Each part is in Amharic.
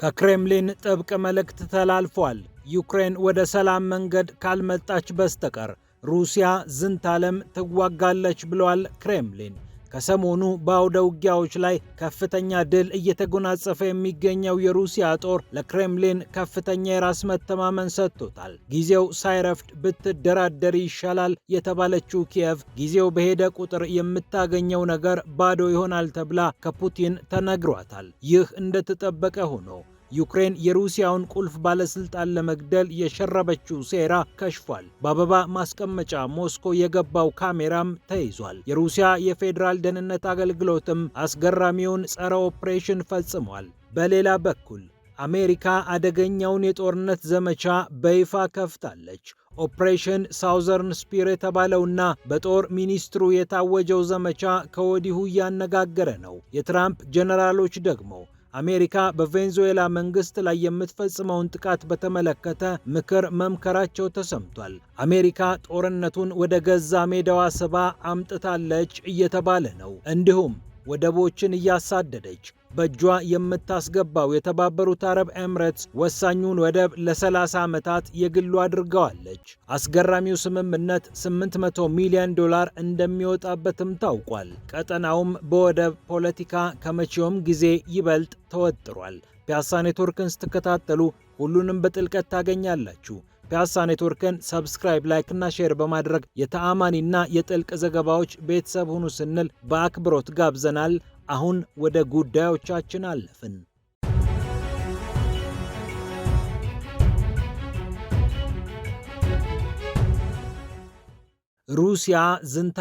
ከክሬምሊን ጥብቅ መልእክት ተላልፏል። ዩክሬን ወደ ሰላም መንገድ ካልመጣች በስተቀር ሩሲያ ዝንታለም ትዋጋለች ብሏል ክሬምሊን። ከሰሞኑ በአውደ ውጊያዎች ላይ ከፍተኛ ድል እየተጎናጸፈ የሚገኘው የሩሲያ ጦር ለክሬምሊን ከፍተኛ የራስ መተማመን ሰጥቶታል። ጊዜው ሳይረፍድ ብትደራደር ይሻላል የተባለችው ኪየቭ ጊዜው በሄደ ቁጥር የምታገኘው ነገር ባዶ ይሆናል ተብላ ከፑቲን ተነግሯታል። ይህ እንደተጠበቀ ሆኖ ዩክሬን የሩሲያውን ቁልፍ ባለስልጣን ለመግደል የሸረበችው ሴራ ከሽፏል። በአበባ ማስቀመጫ ሞስኮ የገባው ካሜራም ተይዟል። የሩሲያ የፌዴራል ደህንነት አገልግሎትም አስገራሚውን ጸረ ኦፕሬሽን ፈጽሟል። በሌላ በኩል አሜሪካ አደገኛውን የጦርነት ዘመቻ በይፋ ከፍታለች። ኦፕሬሽን ሳውዘርን ስፒር የተባለውና በጦር ሚኒስትሩ የታወጀው ዘመቻ ከወዲሁ እያነጋገረ ነው። የትራምፕ ጀነራሎች ደግሞ አሜሪካ በቬንዙዌላ መንግስት ላይ የምትፈጽመውን ጥቃት በተመለከተ ምክር መምከራቸው ተሰምቷል። አሜሪካ ጦርነቱን ወደ ገዛ ሜዳዋ ስባ አምጥታለች እየተባለ ነው። እንዲሁም ወደቦችን እያሳደደች በእጇ የምታስገባው የተባበሩት አረብ ኤምሬትስ ወሳኙን ወደብ ለ30 ዓመታት የግሉ አድርገዋለች። አስገራሚው ስምምነት 800 ሚሊዮን ዶላር እንደሚወጣበትም ታውቋል። ቀጠናውም በወደብ ፖለቲካ ከመቼውም ጊዜ ይበልጥ ተወጥሯል። ፒያሳ ኔትወርክን ስትከታተሉ ሁሉንም በጥልቀት ታገኛላችሁ። ፒያሳ ኔትወርክን ሰብስክራይብ፣ ላይክ እና ሼር በማድረግ የተአማኒና የጥልቅ ዘገባዎች ቤተሰብ ሁኑ ስንል በአክብሮት ጋብዘናል። አሁን ወደ ጉዳዮቻችን አለፍን። ሩሲያ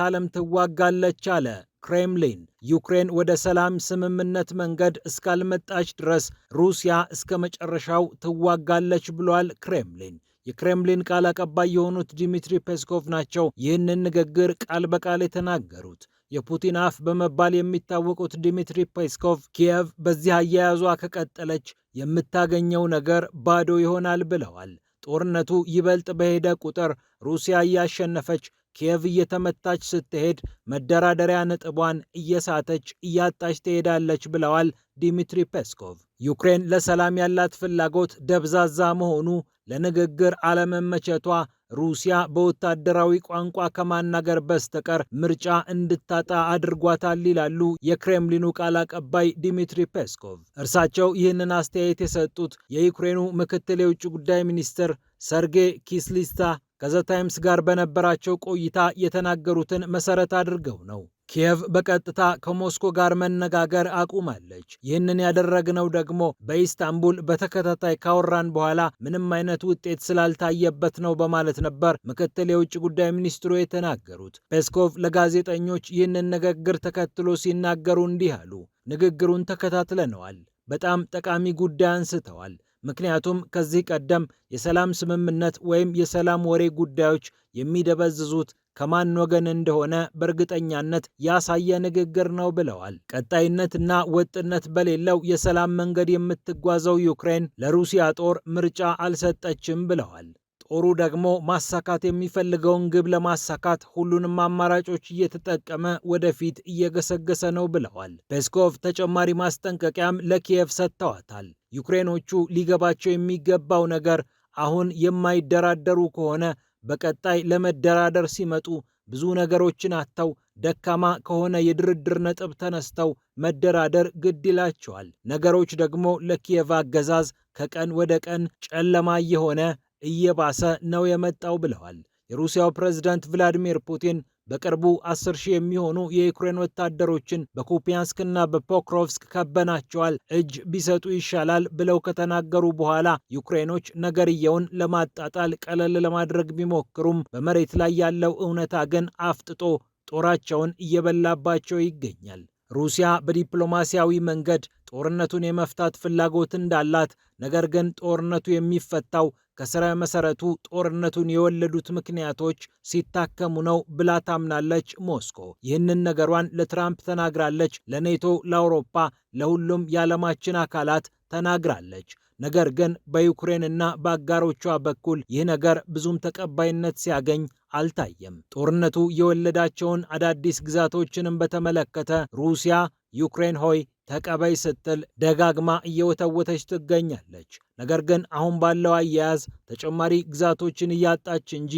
ዓለም ትዋጋለች አለ ክሬምሊን። ዩክሬን ወደ ሰላም ስምምነት መንገድ እስካልመጣች ድረስ ሩሲያ እስከ መጨረሻው ትዋጋለች ብሏል ክሬምሊን። የክሬምሊን ቃል አቀባይ የሆኑት ዲሚትሪ ፔስኮቭ ናቸው ይህንን ንግግር ቃል በቃል የተናገሩት። የፑቲን አፍ በመባል የሚታወቁት ዲሚትሪ ፔስኮቭ ኪየቭ በዚህ አያያዟ ከቀጠለች የምታገኘው ነገር ባዶ ይሆናል ብለዋል። ጦርነቱ ይበልጥ በሄደ ቁጥር ሩሲያ እያሸነፈች ኪየቭ እየተመታች ስትሄድ መደራደሪያ ነጥቧን እየሳተች እያጣች ትሄዳለች ብለዋል ዲሚትሪ ፔስኮቭ። ዩክሬን ለሰላም ያላት ፍላጎት ደብዛዛ መሆኑ፣ ለንግግር አለመመቸቷ ሩሲያ በወታደራዊ ቋንቋ ከማናገር በስተቀር ምርጫ እንድታጣ አድርጓታል ይላሉ የክሬምሊኑ ቃል አቀባይ ዲሚትሪ ፔስኮቭ። እርሳቸው ይህንን አስተያየት የሰጡት የዩክሬኑ ምክትል የውጭ ጉዳይ ሚኒስትር ሰርጌ ኪስሊስታ ከዘ ታይምስ ጋር በነበራቸው ቆይታ የተናገሩትን መሰረት አድርገው ነው። ኪየቭ በቀጥታ ከሞስኮ ጋር መነጋገር አቁማለች። ይህንን ያደረግነው ደግሞ በኢስታንቡል በተከታታይ ካወራን በኋላ ምንም አይነት ውጤት ስላልታየበት ነው በማለት ነበር ምክትል የውጭ ጉዳይ ሚኒስትሩ የተናገሩት። ፔስኮቭ ለጋዜጠኞች ይህንን ንግግር ተከትሎ ሲናገሩ እንዲህ አሉ። ንግግሩን ተከታትለነዋል። በጣም ጠቃሚ ጉዳይ አንስተዋል። ምክንያቱም ከዚህ ቀደም የሰላም ስምምነት ወይም የሰላም ወሬ ጉዳዮች የሚደበዝዙት ከማን ወገን እንደሆነ በእርግጠኛነት ያሳየ ንግግር ነው ብለዋል። ቀጣይነትና ወጥነት በሌለው የሰላም መንገድ የምትጓዘው ዩክሬን ለሩሲያ ጦር ምርጫ አልሰጠችም ብለዋል። ጦሩ ደግሞ ማሳካት የሚፈልገውን ግብ ለማሳካት ሁሉንም አማራጮች እየተጠቀመ ወደፊት እየገሰገሰ ነው ብለዋል። ፔስኮቭ ተጨማሪ ማስጠንቀቂያም ለኪየቭ ሰጥተዋታል። ዩክሬኖቹ ሊገባቸው የሚገባው ነገር አሁን የማይደራደሩ ከሆነ በቀጣይ ለመደራደር ሲመጡ ብዙ ነገሮችን አጥተው ደካማ ከሆነ የድርድር ነጥብ ተነስተው መደራደር ግድ ይላቸዋል። ነገሮች ደግሞ ለኪየቭ አገዛዝ ከቀን ወደ ቀን ጨለማ እየሆነ እየባሰ ነው የመጣው ብለዋል። የሩሲያው ፕሬዝዳንት ቭላዲሚር ፑቲን በቅርቡ አስር ሺህ የሚሆኑ የዩክሬን ወታደሮችን በኩፒያንስክና በፖክሮቭስክ ከበናቸዋል፣ እጅ ቢሰጡ ይሻላል ብለው ከተናገሩ በኋላ ዩክሬኖች ነገርየውን ለማጣጣል ቀለል ለማድረግ ቢሞክሩም በመሬት ላይ ያለው እውነታ ግን አፍጥጦ ጦራቸውን እየበላባቸው ይገኛል። ሩሲያ በዲፕሎማሲያዊ መንገድ ጦርነቱን የመፍታት ፍላጎት እንዳላት፣ ነገር ግን ጦርነቱ የሚፈታው ከስረ መሰረቱ ጦርነቱን የወለዱት ምክንያቶች ሲታከሙ ነው ብላ ታምናለች ሞስኮ። ይህንን ነገሯን ለትራምፕ ተናግራለች። ለኔቶ፣ ለአውሮፓ፣ ለሁሉም የዓለማችን አካላት ተናግራለች። ነገር ግን በዩክሬንና በአጋሮቿ በኩል ይህ ነገር ብዙም ተቀባይነት ሲያገኝ አልታየም። ጦርነቱ የወለዳቸውን አዳዲስ ግዛቶችንም በተመለከተ ሩሲያ ዩክሬን ሆይ ተቀበይ ስትል ደጋግማ እየወተወተች ትገኛለች። ነገር ግን አሁን ባለው አያያዝ ተጨማሪ ግዛቶችን እያጣች እንጂ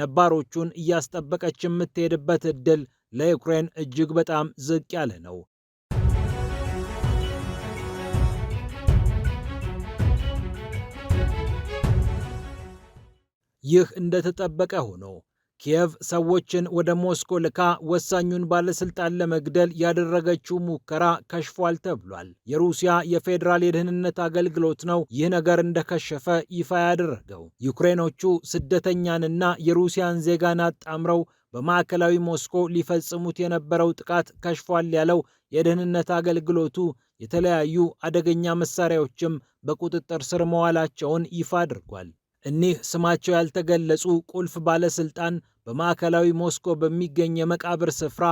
ነባሮቹን እያስጠበቀች የምትሄድበት ዕድል ለዩክሬን እጅግ በጣም ዝቅ ያለ ነው። ይህ እንደተጠበቀ ሆኖ ኪየቭ ሰዎችን ወደ ሞስኮ ልካ ወሳኙን ባለስልጣን ለመግደል ያደረገችው ሙከራ ከሽፏል ተብሏል። የሩሲያ የፌዴራል የደህንነት አገልግሎት ነው ይህ ነገር እንደከሸፈ ይፋ ያደረገው። ዩክሬኖቹ ስደተኛንና የሩሲያን ዜጋን አጣምረው በማዕከላዊ ሞስኮ ሊፈጽሙት የነበረው ጥቃት ከሽፏል ያለው የደህንነት አገልግሎቱ የተለያዩ አደገኛ መሳሪያዎችም በቁጥጥር ስር መዋላቸውን ይፋ አድርጓል። እኒህ ስማቸው ያልተገለጹ ቁልፍ ባለስልጣን በማዕከላዊ ሞስኮ በሚገኝ የመቃብር ስፍራ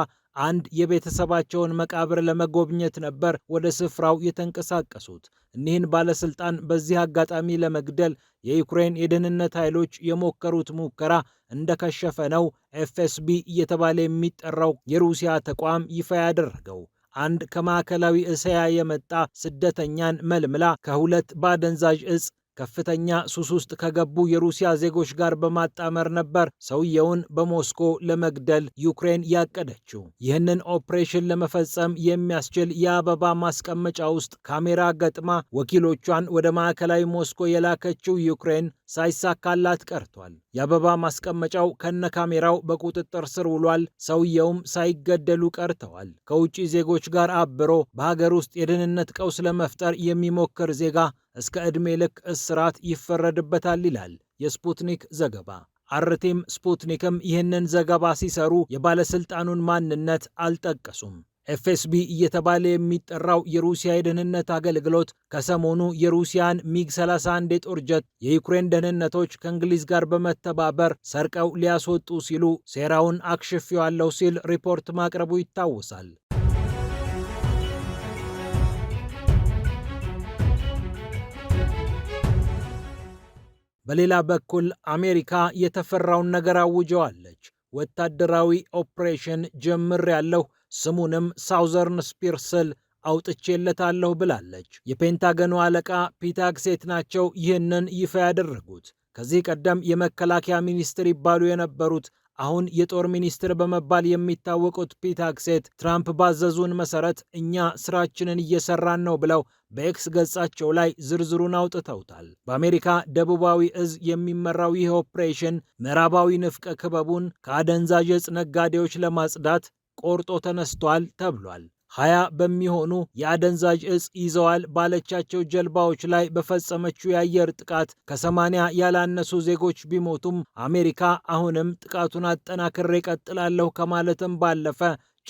አንድ የቤተሰባቸውን መቃብር ለመጎብኘት ነበር ወደ ስፍራው የተንቀሳቀሱት። እኒህን ባለስልጣን በዚህ አጋጣሚ ለመግደል የዩክሬን የደህንነት ኃይሎች የሞከሩት ሙከራ እንደከሸፈ ነው ኤፍኤስቢ እየተባለ የሚጠራው የሩሲያ ተቋም ይፋ ያደረገው። አንድ ከማዕከላዊ እስያ የመጣ ስደተኛን መልምላ ከሁለት በአደንዛዥ እጽ ከፍተኛ ሱስ ውስጥ ከገቡ የሩሲያ ዜጎች ጋር በማጣመር ነበር ሰውየውን በሞስኮ ለመግደል ዩክሬን ያቀደችው። ይህንን ኦፕሬሽን ለመፈጸም የሚያስችል የአበባ ማስቀመጫ ውስጥ ካሜራ ገጥማ ወኪሎቿን ወደ ማዕከላዊ ሞስኮ የላከችው ዩክሬን ሳይሳካላት ቀርቷል። የአበባ ማስቀመጫው ከነ ካሜራው በቁጥጥር ስር ውሏል። ሰውየውም ሳይገደሉ ቀርተዋል። ከውጭ ዜጎች ጋር አብሮ በሀገር ውስጥ የደህንነት ቀውስ ለመፍጠር የሚሞክር ዜጋ እስከ ዕድሜ ልክ እስራት ይፈረድበታል ይላል የስፑትኒክ ዘገባ። አርቴም ስፑትኒክም ይህንን ዘገባ ሲሰሩ የባለስልጣኑን ማንነት አልጠቀሱም። ኤፍኤስቢ እየተባለ የሚጠራው የሩሲያ የደህንነት አገልግሎት ከሰሞኑ የሩሲያን ሚግ 31 የጦር ጀት የዩክሬን ደህንነቶች ከእንግሊዝ ጋር በመተባበር ሰርቀው ሊያስወጡ ሲሉ ሴራውን አክሽፌዋለሁ ሲል ሪፖርት ማቅረቡ ይታወሳል። በሌላ በኩል አሜሪካ የተፈራውን ነገር አውጀዋለች። ወታደራዊ ኦፕሬሽን ጀምር ያለው። ስሙንም ሳውዘርን ስፒር ስል አውጥቼለታለሁ ብላለች። የፔንታገኑ አለቃ ፒታክሴት ናቸው ይህንን ይፋ ያደረጉት። ከዚህ ቀደም የመከላከያ ሚኒስትር ይባሉ የነበሩት አሁን የጦር ሚኒስትር በመባል የሚታወቁት ፒታክሴት ትራምፕ ባዘዙን መሰረት እኛ ስራችንን እየሰራን ነው ብለው በኤክስ ገጻቸው ላይ ዝርዝሩን አውጥተውታል። በአሜሪካ ደቡባዊ እዝ የሚመራው ይህ ኦፕሬሽን ምዕራባዊ ንፍቀ ክበቡን ከአደንዛዥ ዕፅ ነጋዴዎች ለማጽዳት ቆርጦ ተነስቷል ተብሏል። ሀያ በሚሆኑ የአደንዛዥ እጽ ይዘዋል ባለቻቸው ጀልባዎች ላይ በፈጸመችው የአየር ጥቃት ከሰማኒያ ያላነሱ ዜጎች ቢሞቱም አሜሪካ አሁንም ጥቃቱን አጠናክሬ እቀጥላለሁ ከማለትም ባለፈ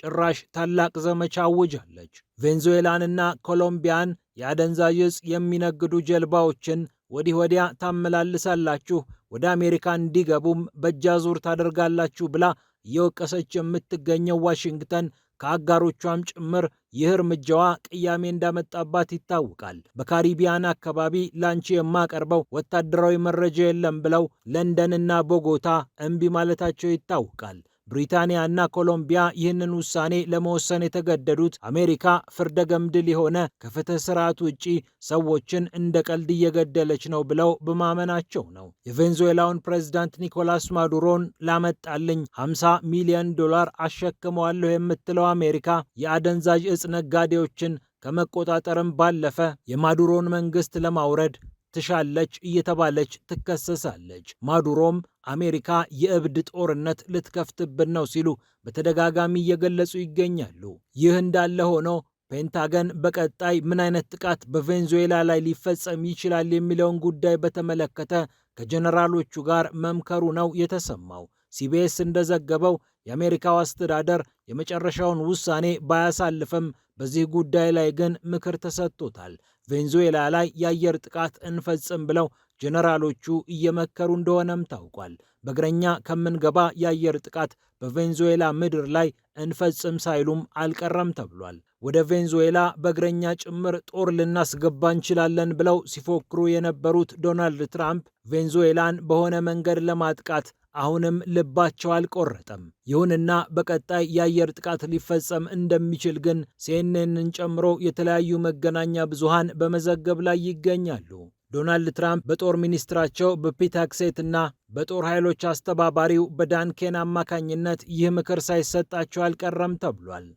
ጭራሽ ታላቅ ዘመቻ አውጃለች። ቬንዙዌላንና ኮሎምቢያን የአደንዛዥ እጽ የሚነግዱ ጀልባዎችን ወዲህ ወዲያ ታመላልሳላችሁ፣ ወደ አሜሪካ እንዲገቡም በእጃዙር ታደርጋላችሁ ብላ እየወቀሰች የምትገኘው ዋሽንግተን ከአጋሮቿም ጭምር ይህ እርምጃዋ ቅያሜ እንዳመጣባት ይታወቃል። በካሪቢያን አካባቢ ላንቺ የማቀርበው ወታደራዊ መረጃ የለም ብለው ለንደንና ቦጎታ እምቢ ማለታቸው ይታወቃል። ብሪታንያ እና ኮሎምቢያ ይህንን ውሳኔ ለመወሰን የተገደዱት አሜሪካ ፍርደ ገምድል የሆነ ከፍትህ ስርዓት ውጪ ሰዎችን እንደ ቀልድ እየገደለች ነው ብለው በማመናቸው ነው። የቬንዙዌላውን ፕሬዝዳንት ኒኮላስ ማዱሮን ላመጣልኝ 50 ሚሊዮን ዶላር አሸክመዋለሁ የምትለው አሜሪካ የአደንዛዥ እጽ ነጋዴዎችን ከመቆጣጠርም ባለፈ የማዱሮን መንግስት ለማውረድ ትሻለች እየተባለች ትከሰሳለች። ማዱሮም አሜሪካ የእብድ ጦርነት ልትከፍትብን ነው ሲሉ በተደጋጋሚ እየገለጹ ይገኛሉ። ይህ እንዳለ ሆኖ ፔንታገን በቀጣይ ምን አይነት ጥቃት በቬንዙዌላ ላይ ሊፈጸም ይችላል የሚለውን ጉዳይ በተመለከተ ከጀነራሎቹ ጋር መምከሩ ነው የተሰማው። ሲቢኤስ እንደዘገበው የአሜሪካው አስተዳደር የመጨረሻውን ውሳኔ ባያሳልፍም በዚህ ጉዳይ ላይ ግን ምክር ተሰጥቶታል። ቬንዙዌላ ላይ የአየር ጥቃት እንፈጽም ብለው ጀነራሎቹ እየመከሩ እንደሆነም ታውቋል። በእግረኛ ከምንገባ የአየር ጥቃት በቬንዙዌላ ምድር ላይ እንፈጽም ሳይሉም አልቀረም ተብሏል። ወደ ቬንዙዌላ በእግረኛ ጭምር ጦር ልናስገባ እንችላለን ብለው ሲፎክሩ የነበሩት ዶናልድ ትራምፕ ቬንዙዌላን በሆነ መንገድ ለማጥቃት አሁንም ልባቸው አልቆረጠም። ይሁንና በቀጣይ የአየር ጥቃት ሊፈጸም እንደሚችል ግን ሲኤንኤንን ጨምሮ የተለያዩ መገናኛ ብዙሃን በመዘገብ ላይ ይገኛሉ። ዶናልድ ትራምፕ በጦር ሚኒስትራቸው በፒታክሴት እና በጦር ኃይሎች አስተባባሪው በዳንኬን አማካኝነት ይህ ምክር ሳይሰጣቸው አልቀረም ተብሏል።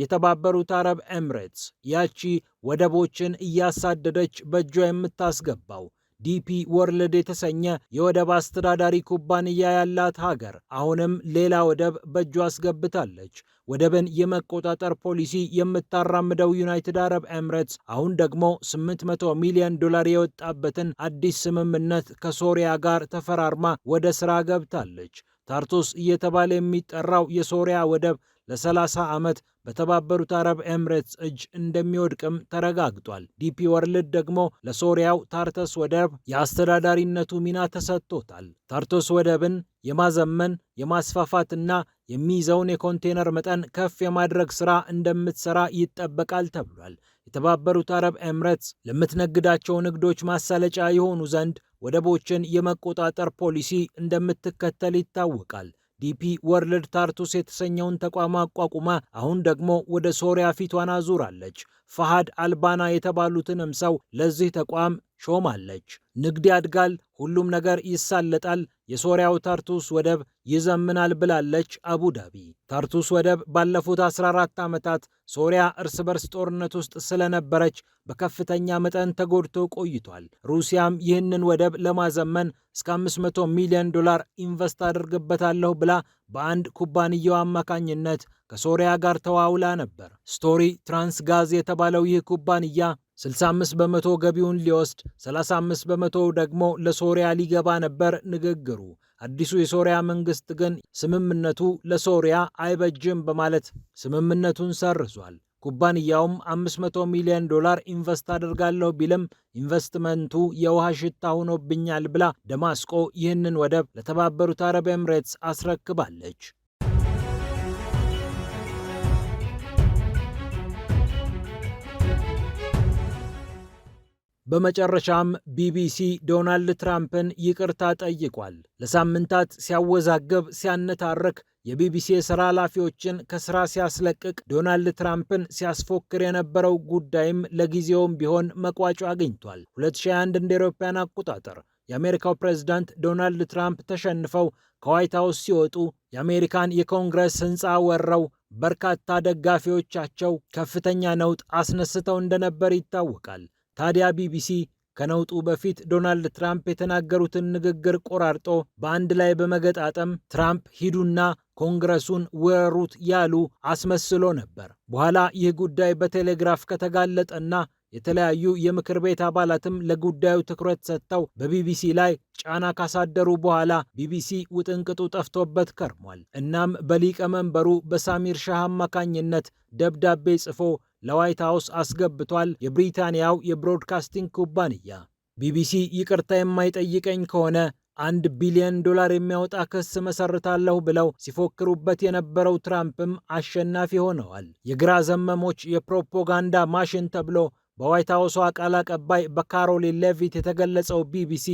የተባበሩት አረብ ኤምሬትስ ያቺ ወደቦችን እያሳደደች በእጇ የምታስገባው ዲፒ ወርልድ የተሰኘ የወደብ አስተዳዳሪ ኩባንያ ያላት ሀገር አሁንም ሌላ ወደብ በእጇ አስገብታለች። ወደብን የመቆጣጠር ፖሊሲ የምታራምደው ዩናይትድ አረብ ኤምሬትስ አሁን ደግሞ 800 ሚሊዮን ዶላር የወጣበትን አዲስ ስምምነት ከሶሪያ ጋር ተፈራርማ ወደ ሥራ ገብታለች። ታርቱስ እየተባለ የሚጠራው የሶሪያ ወደብ ለ30 ዓመት በተባበሩት አረብ ኤምሬትስ እጅ እንደሚወድቅም ተረጋግጧል። ዲፒ ወርልድ ደግሞ ለሶሪያው ታርተስ ወደብ የአስተዳዳሪነቱ ሚና ተሰጥቶታል። ታርተስ ወደብን የማዘመን የማስፋፋትና የሚይዘውን የኮንቴነር መጠን ከፍ የማድረግ ስራ እንደምትሰራ ይጠበቃል ተብሏል። የተባበሩት አረብ ኤምሬትስ ለምትነግዳቸው ንግዶች ማሳለጫ የሆኑ ዘንድ ወደቦችን የመቆጣጠር ፖሊሲ እንደምትከተል ይታወቃል። ዲፒ ወርልድ ታርቱስ የተሰኘውን ተቋም አቋቁማ አሁን ደግሞ ወደ ሶሪያ ፊቷን አዙራለች። ፈሃድ አልባና የተባሉትንም ሰው ለዚህ ተቋም ሾማለች። ንግድ ያድጋል፣ ሁሉም ነገር ይሳለጣል፣ የሶሪያው ታርቱስ ወደብ ይዘምናል ብላለች አቡ ዳቢ። ታርቱስ ወደብ ባለፉት 14 ዓመታት ሶሪያ እርስ በርስ ጦርነት ውስጥ ስለነበረች በከፍተኛ መጠን ተጎድቶ ቆይቷል። ሩሲያም ይህንን ወደብ ለማዘመን እስከ 500 ሚሊዮን ዶላር ኢንቨስት አድርግበታለሁ ብላ በአንድ ኩባንያው አማካኝነት ከሶሪያ ጋር ተዋውላ ነበር። ስቶሪ ትራንስ ጋዝ የተባለው ይህ ኩባንያ 65 በመቶ ገቢውን ሊወስድ 35 በመቶ ደግሞ ለሶሪያ ሊገባ ነበር ንግግሩ። አዲሱ የሶሪያ መንግስት ግን ስምምነቱ ለሶሪያ አይበጅም በማለት ስምምነቱን ሰርዟል። ኩባንያውም 500 ሚሊዮን ዶላር ኢንቨስት አድርጋለሁ ቢልም ኢንቨስትመንቱ የውሃ ሽታ ሆኖብኛል ብላ ደማስቆ ይህንን ወደብ ለተባበሩት አረብ ኤምሬትስ አስረክባለች። በመጨረሻም ቢቢሲ ዶናልድ ትራምፕን ይቅርታ ጠይቋል። ለሳምንታት ሲያወዛገብ፣ ሲያነታረክ የቢቢሲ የሥራ ኃላፊዎችን ከሥራ ሲያስለቅቅ ዶናልድ ትራምፕን ሲያስፎክር የነበረው ጉዳይም ለጊዜውም ቢሆን መቋጮ አግኝቷል። 2021 እንደ አውሮፓውያን አቆጣጠር የአሜሪካው ፕሬዝዳንት ዶናልድ ትራምፕ ተሸንፈው ከዋይት ሀውስ ሲወጡ የአሜሪካን የኮንግረስ ሕንፃ ወረው በርካታ ደጋፊዎቻቸው ከፍተኛ ነውጥ አስነስተው እንደነበር ይታወቃል። ታዲያ ቢቢሲ ከነውጡ በፊት ዶናልድ ትራምፕ የተናገሩትን ንግግር ቆራርጦ በአንድ ላይ በመገጣጠም ትራምፕ ሂዱና ኮንግረሱን ውረሩት ያሉ አስመስሎ ነበር። በኋላ ይህ ጉዳይ በቴሌግራፍ ከተጋለጠና የተለያዩ የምክር ቤት አባላትም ለጉዳዩ ትኩረት ሰጥተው በቢቢሲ ላይ ጫና ካሳደሩ በኋላ ቢቢሲ ውጥንቅጡ ጠፍቶበት ከርሟል። እናም በሊቀመንበሩ በሳሚር ሻህ አማካኝነት ደብዳቤ ጽፎ ለዋይት ሀውስ አስገብቷል። የብሪታንያው የብሮድካስቲንግ ኩባንያ ቢቢሲ ይቅርታ የማይጠይቀኝ ከሆነ አንድ ቢሊዮን ዶላር የሚያወጣ ክስ መሰርታለሁ ብለው ሲፎክሩበት የነበረው ትራምፕም አሸናፊ ሆነዋል። የግራ ዘመሞች የፕሮፓጋንዳ ማሽን ተብሎ በዋይት ሀውሷ ቃል አቀባይ በካሮሊን ሌቪት የተገለጸው ቢቢሲ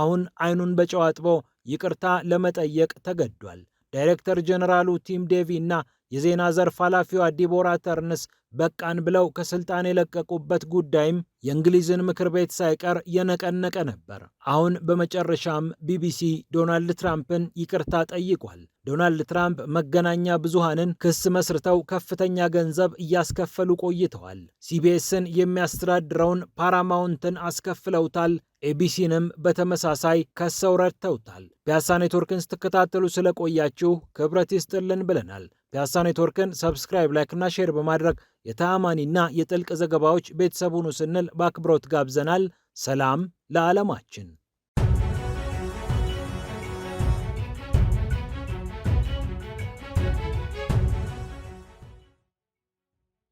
አሁን አይኑን በጨው አጥቦ ይቅርታ ለመጠየቅ ተገዷል። ዳይሬክተር ጀኔራሉ ቲም ዴቪ እና የዜና ዘርፍ ኃላፊዋ ዲቦራ ተርንስ በቃን ብለው ከስልጣን የለቀቁበት ጉዳይም የእንግሊዝን ምክር ቤት ሳይቀር የነቀነቀ ነበር። አሁን በመጨረሻም ቢቢሲ ዶናልድ ትራምፕን ይቅርታ ጠይቋል። ዶናልድ ትራምፕ መገናኛ ብዙሃንን ክስ መስርተው ከፍተኛ ገንዘብ እያስከፈሉ ቆይተዋል። ሲቢኤስን የሚያስተዳድረውን ፓራማውንትን አስከፍለውታል። ኤቢሲንም በተመሳሳይ ከሰው ረድተውታል። ፒያሳ ኔትወርክን ስትከታተሉ ስለቆያችሁ ክብረት ይስጥልን ብለናል። ፒያሳ ኔትወርክን ሰብስክራይብ፣ ላይክና ሼር በማድረግ የተአማኒና የጥልቅ ዘገባዎች ቤተሰቡን ስንል በአክብሮት ጋብዘናል። ሰላም ለዓለማችን።